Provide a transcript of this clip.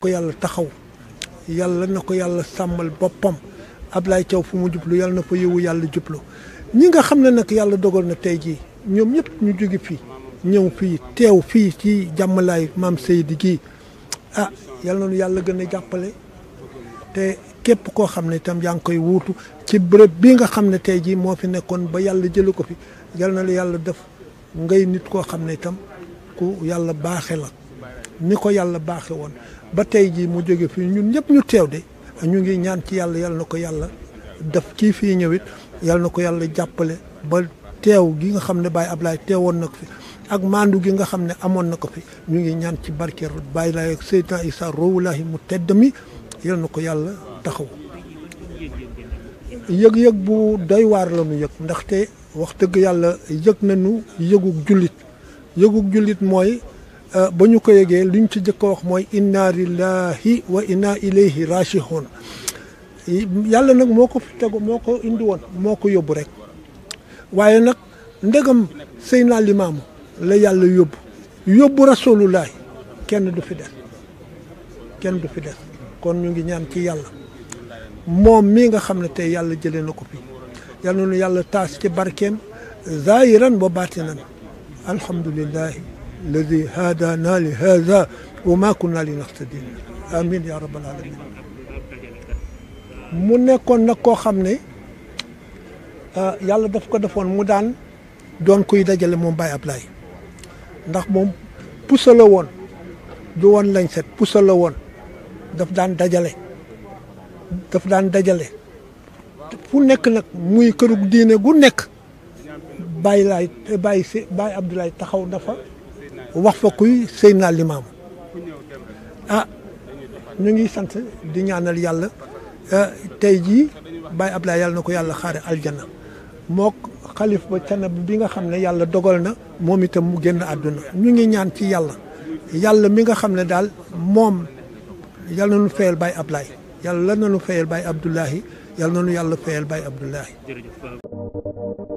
ko yàlla taxaw yàlla na ko yàlla sàmmal boppam Ablaye Thiaw fu mu jublu yàlla na fa yëwu yàlla jublu ñi nga xam ne nag yàlla dogal na tey jii ñoom ñépp ñu jóge fi ñëw fii teew fii ci jàmmalaay maam Seydi gii ah yàlla na nu yàlla gën a jàppale te képp koo xam ne itam yaa ngi koy wuutu ci bërëb bi nga xam ne tey jii moo fi nekkoon ba yàlla jële ko fi yal na la yàlla def ngay nit koo xam ne itam ku yàlla baaxe la ni ko yàlla baaxe woon ba tey jii mu jóge fi ñun ñëpp ñu teew de ñu ngi ñaan ci yàlla yàlla na ko yàlla def ci fii ñëwit yàlla na ko yàlla jàppale ba teew gi nga xam ne ab Ablaye teewoon woon nag fi ak maandu gi nga xam ne amoon na ko fi ñu ngi ñaan ci barkeer bàyyi Laye ak Seydina Issa mu tedd mi yal na ko yàlla taxaw yëg-yëg bu doy waar la yëg ndaxte wax dëgg yàlla yëg nañu yëgug jullit yëgug jullit mooy euh, ba ñu ko yëgee lu ñu ci jëkk a wax mooy yàlla nag moo ko indi woon moo ko yóbbu rek waaye nag ndegam sëy naa limaamu la yàlla yóbbu yóbbu rasulullahi kenn du fi kenn du fi des kon ñu ngi ñaan ci yàlla moom mii nga xam ne tey yàlla jëlee na ko fi yal nu yàlla taas ci barkeem zahiran ba baatinan alhamdulillahi alladi haadana li haada wa ma kunna li nahtadi amin ya rabbal alamin mu nekkoon nag koo xam ne ah, yàlla daf ko defoon mu daan doon kuy dajale moom Baye Ablaye ndax moom pusa la woon du woon lañ set pusa la woon daf daan dajale daf daan dajale fu nekk nag muy kërug diine gu nekk Baye laay Baye si Baye Abdoulaye taxaw na fa wax fa kuy Seydina Limaamu ah ñu ngi sant di ñaanal yàlla eh, tey jii Baye Abdoulaye yàlla na ko yàlla xaare aljana mook xalif ba canab bi nga xam ne yàlla dogal na moom itam mu génn àdduna ñu ngi ñaan ci yàlla yàlla mi nga xam ne daal moom yal na nu fayal Baye Ablaye yàlla na nu fayal Baye Abdoulahi yàlla na nu yàlla fayal Baye Abdoulahi. jërëjëf